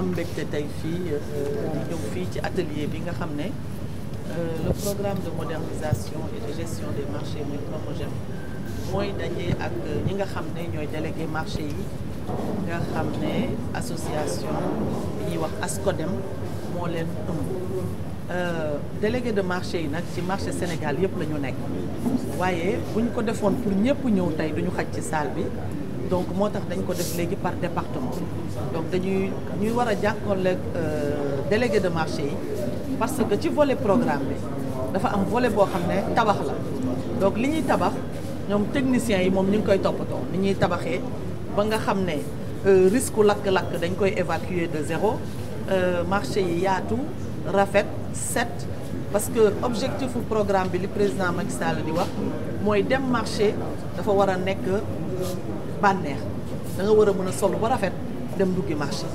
am mbégte tey fii di euh, fii ci atelier bi nga xam ne euh, le programme de modernisation et de gestion des marchés muy PROMOGEM mooy daje ak ñi nga xam ne ñooy délégué marché yi nga xam ne association bi ñuy wax ASCODEM moo leen ëmb euh, délégué de marché yi nag ci marché Sénégal yëpp la ñu nekk waaye bu ko defoon pour ñëpp ñëw tey duñu xaj ci salle bi donc moo tax dañ ko def léegi par département donc dañuy ñuy war a jàkkoonleeg euh, délégué de marché yi parce que ci volet programme bi dafa am volet boo xam ne tabax la donc li ñuy tabax ñoom techniciens yi moom ñu ngi koy toppatoo li ñuy tabaxee ba nga xam ne euh, risque lakk-lakk dañ koy évacuer de zéro euh, marché yi yaatu rafet set parce que objectif u programme bi li président Macky Sall di wax mooy dem marché dafa war a nekk bànneex da nga war a mën a sol ba rafet dem duggi marché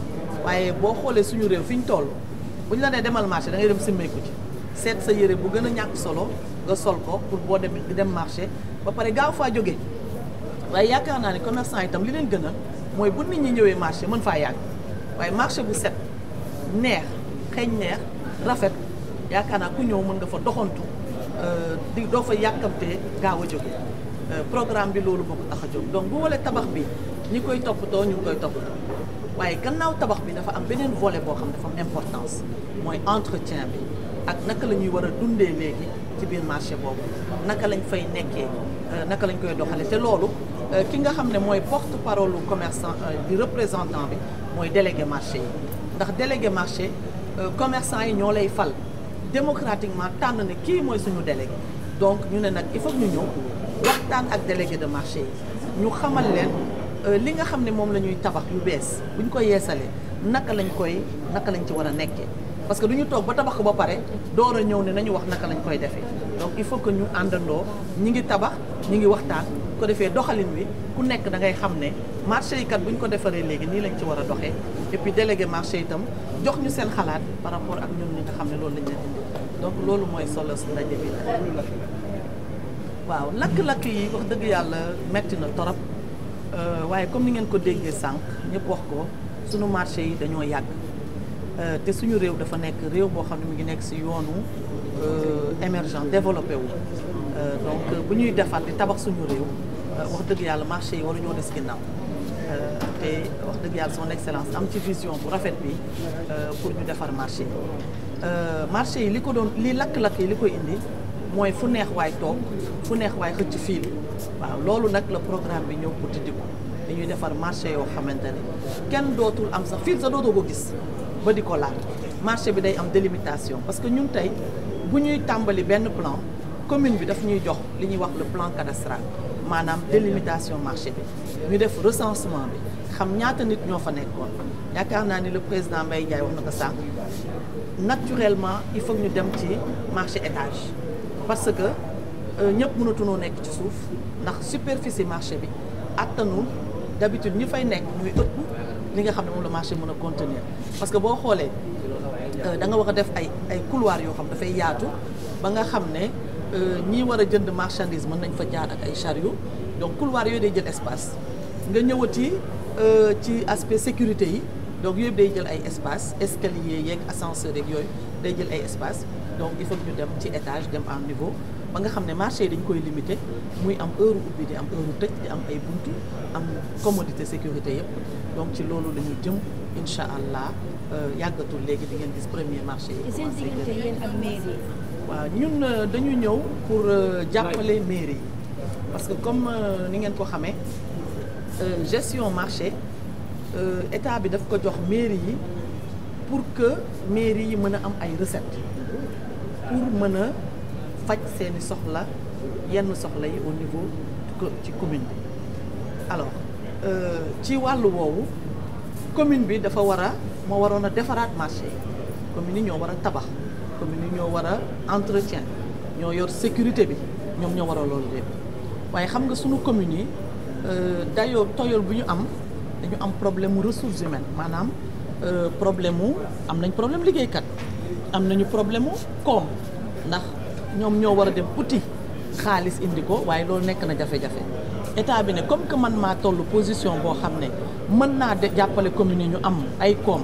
waaye boo xoolee suñu réew fi ñu toll bu ñu la nee demal marché da ngay dem simmeeku ci seet sa yére bu gën a ñàkk solo nga sol ko pour boo dem dem marché ba pare gaaw faa jógee waaye yaakaar naa ne commerçant itam li leen gën a mooy bu nit ñi ñëwee marché mën faa yàgg waaye marché bu set neex xeeñ neex rafet yaakaar naa ku ñëw mën nga fa doxantu euh, di doo fa yàkkamtee gaaw a jógee Euh, programme bi loolu moo ko tax a jóg donc bu walee tabax bi ñi koy too ñu ngi koy toppatoo waaye gannaaw tabax bi dafa am beneen volet boo xam dafa am importance mooy entretien bi ak naka la ñuy war a dundee léegi ci biir marché boobu naka lañ fay nekkee euh, naka lañ koy doxalee te loolu euh, ki nga xam ne mooy porte parole lu commerçant di représentant bi mooy délégué marché yi ndax délégué marché commerçant yi ñoo lay fal démocratiquement tànn ne kii mooy suñu délégué waxtaan ak délégué de marché yi ñu xamal leen euh, li nga xam ne moom la ñuy tabax yu bees bu ñu koy yeesalee naka lañ koy naka lañ ci war a nekkee parce que du ñu toog ba tabax ba pare door a ñëw ne nañu wax naka lañ koy defee donc il faut que ñu àndandoo ñi ngi tabax ñi ngi waxtaan ko defee doxalin wi ku nekk da xam ne marché yi kat bu ñu ko defaree léegi nii lañ ci war a doxee et puis délégué marché itam jox ñu seen xalaat par rapport ak ñun ñi nga xam ne loolu lañ leen indi donc loolu mooy solo si ndaje bi. waaw lakk-lakk yi wax dëgg yàlla metti na torop euh, waaye comme ni ngeen ko déggee sànq ñëpp wax ko suñu marché yi dañoo yàgg euh, te suñu réew dafa nekk réew boo xam ne mu ngi nekk si yoonu euh, émergent développé wu donc bu ñuy defar di tabax suñu réew wax dëgg yàlla marché yi waru ñoo des ginnaaw te wax dëgg yàlla son excellence am ci vision bu rafet bi pour ñu defar marché yi marché yi li ko doon li lakk-lakk yi li koy indi mooy fu neex waay toog fu neex waay xëcc fii waaw loolu nag la programme bi ñëw pour di ko dañuy defar marché yoo xamante ne kenn dootul am sax fil sa dootoo ko gis ba di ko laal marché bi day am délimitation parce que ñun tey bu ñuy tàmbali benn plan commune bi daf ñuy jox li ñuy wax le plan cadastral maanaam délimitation marché bi ñu def recensement bi xam ñaata nit ñoo fa nekkoon yaakaar naa ni le président mbay Ndiaye wax na ko sànq naturellement il faut ñu dem ci marché étage parce que euh, ñëpp mënatunoo nekk ci suuf ndax superficie marché bi attanul d'habitude ñi fay nekk ñuy ëpp li nga xam ne moom la marché mën a contenir parce que boo xoolee euh, da nga war a def ay ay couloir yoo xam dafay yaatu ba nga xam ne euh, ñi war a jënd marchandise mën nañ fa jaar ak ay chariot donc couloir yooyu day jël espace nga ñëwati ci aspect sécurité yi donc yooyu day jël ay espace escalier yeeg ascenseur yeeg yooyu day jël ay espace donc il faut ñu dem ci étage dem en niveau ba nga xam ne marché yi dañ koy limité muy am heure ubbi di am heure tëj di am ay buntu am commodité sécurité yëpp donc ci loolu la ñu jëm incha allah euh, yàggatul léegi di ngeen gis premier marché yi. seen diggante yéen ak mairie waaw ñun euh, dañu ñëw pour euh, jàppale mairie yi parce que comme ni ngeen ko xamee gestion marché état bi daf ko jox mairie yi pour que mairie yi mën a am ay recettes. pour mën a faj seeni soxla yenn soxla yi au niveau ci commune bi alors euh, ci wàll woowu commune bi dafa war a moo waroon a defaraat marché yi commune yi ñoo war a tabax commune yi ñoo war a entretien ñoo yor sécurité bi ñoom ñoo war loolu lépp waaye xam nga sunu commune yi euh, dayoo toyol bu ñu am dañu am problème mu ressources humaines maanaam euh, problème mu am nañ problème liggéeykat am nañu problème mu koom ndax ñoom ñoo war a dem uti xaalis indi ko waaye loolu nekk na jafe-jafe état bi ne comme que man maa toll position boo xam ne mën naa de jàppale commune yi ñu am ay koom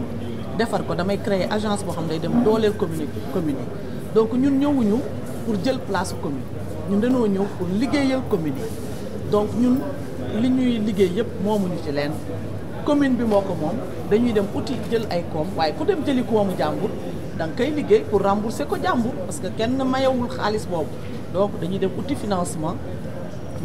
defar ko damay créer agence boo xam ne day dem dooleel commune commune yi donc ñun ñëwuñu pour jël place commune ñun dañoo ñëw pour liggéeyal commune yi donc ñun li ñuy liggéey yëpp moomuñu ci leen commune bi moo ko moom dañuy dem uti jël ay koom waaye ku dem jëli koomu jàmbur da nga liggéey pour rembourser ko jàmbur parce que kenn mayewul xaalis boobu donc dañuy dem uti financement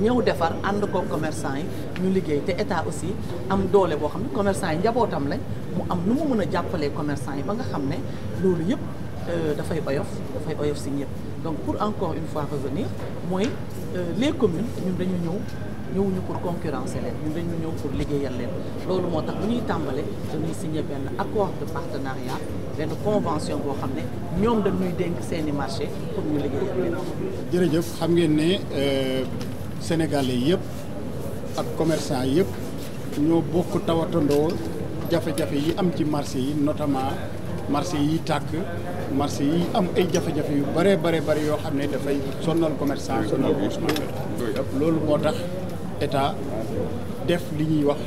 ñëw defar ànd ko commerçant yi ñu liggéey te état aussi am doole boo xam ne commerçant yi njabootam lañ mu am nu mu mën a jàppalee commerçant yi ba nga xam ne loolu yëpp euh, dafay oyof dafay oyof si ñëpp donc pour encore une fois revenir mooy euh, les communes ñun dañu ñëw ñëwuñu pour concurrencer leen ñun dañu ñëw pour liggéeyal leen loolu moo tax bu ñuy tàmbale dañuy signé benn accord de partenariat benn convention boo xam ne ñoom dañuy dénk seeni marché pour jërëjëf xam ngeen ne euh, sénégalais yëpp ak commerçant yëpp ñoo bokk tawatandoo jafe-jafe yi am ci marché yi notamment marché yi tàkk marché yi am ay jafe-jafe yu bare bare bare yoo xam ne dafay sonnal commerçant sonnal consommateur loolu moo tax état def li ñuy wax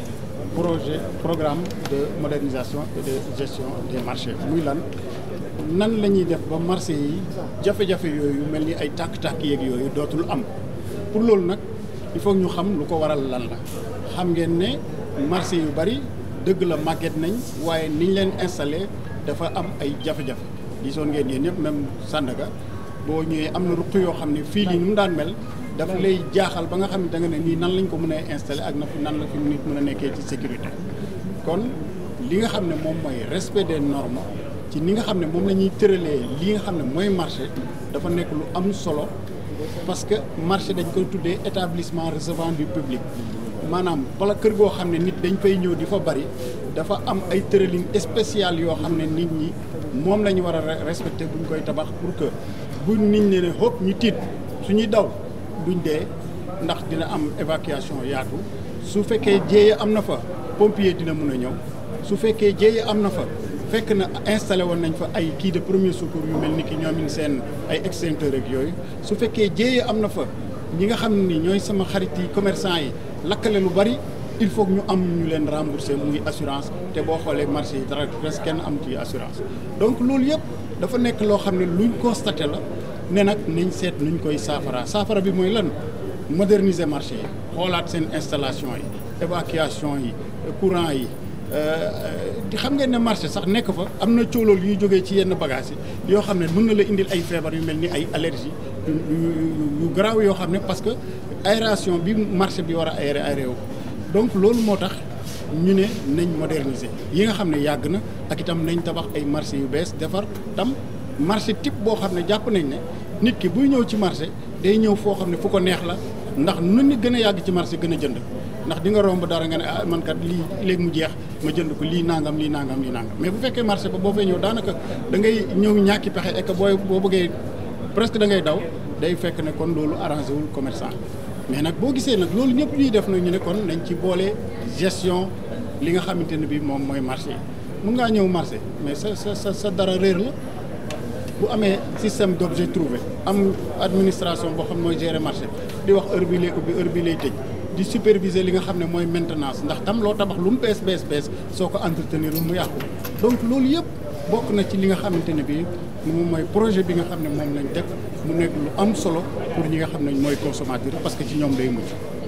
projet programme de modernisation et de gestion des marché muy lan nan la ñuy def ba marché yi jafe-jafe yooyu mel ni ay tàkk-tàkk yeeg yooyu dootul am pour loolu nag il faut ñu xam lu ko waral lan la xam ngeen ne marché yu bari dëgg la màgget nañ waaye niñ leen installé dafa am ay jafe-jafe gisoon ngeen yéen ñëpp même Sandaga boo ñëwee am na ruq yoo xam ne fii nii nu mu daan mel dafa lay jaaxal ba nga xam ni da nga ne nii nan lañu ko mën a installé ak na nan la fi nit mën a nekkee ci sécurité kon li nga xam ne moom mooy respect des normes ci ni nga xam ne moom la ñuy tëralee li nga xam ne mooy marché dafa nekk lu am solo parce que marché dañ koy tuddee établissement recevant du public maanaam bala kër goo xam ne nit dañ fay ñëw di fa bari dafa am ay tëralin spécial yoo xam ne nit ñi moom la ñu war a respecté bu ñu koy tabax pour que bu nit ñi ñu tiit suñuy daw duñ dee ndax dina am évacuation yaatu su fekkee jéeye am na fa pompier dina mun a ñëw su fekkee jéeye am na fa fekk na installé woon nañ fa ay kii de premier secours yu mel ni ki ñoomin seen ay extincteur ak yooyu su fekkee jéeye am na fa ñi nga xam ni ñooy sama xarit yi commercant yi lakkale lu bari il faut ñu am ñu leen mu ngi assurance te boo xoolee marché yi dara presque kenn am ci assurance donc loolu yëpp dafa nekk loo xam ne luñ constaté la ne nag nañ seet nuñ koy saafara saafara bi mooy lan moderniser marché yi xoolaat seen installation yi évacuation yi courant yi di euh, euh, xam ngeen ne marché sax nekk fa am na cóolool yu jógee ci yenn bagages yi yoo xam ne mën na la indil ay feebar yu mel ni ay allergie yu garaaw yoo xam ne parce que aération bi marché bi war a aéré aéré wu donc loolu moo tax ñu ne nañ moderniser yi nga xam ne yàgg na ak itam nañ tabax ay marché yu bees defar tam marché type boo xam ne jàpp nañ ne nit ki buy ñëw ci marché day ñëw foo xam ne fu ko neex la ndax nu ni gën a yàgg ci marché gën a jënd ndax di nga romb dara nga ne ah man kat lii léegi mu jeex ma jënd ko lii nangam lii nangam lii nangam mais bu fekkee marché ba boo fay ñëw daanaka da ngay ñëw ñàkki pexe et que booy boo bëggee presque dangay daw day fekk ne kon loolu arrangé wul commerçant mais nag boo gisee nag loolu ñëpp ñuy def nañu ne kon nañ ci boole gestion li nga xamante ne bii moom mooy marché mun ngaa ñëw marché mais sa sa sa dara réer la. bu amee système d' objet am administration boo xam mooy gérer marché di wax heure bi lay bi heure bii lay tëj di superviser li nga xam ne mooy maintenance ndax tam loo tabax lu mu bees bees bees soo ko entretenir mu yàqu donc loolu yëpp bokk na ci li nga xamante ne bii moom mooy projet bi nga xam ne moom lañ def mu nekk lu am solo pour ñi nga xam ne mooy consommateur parce que ci ñoom lay mujj.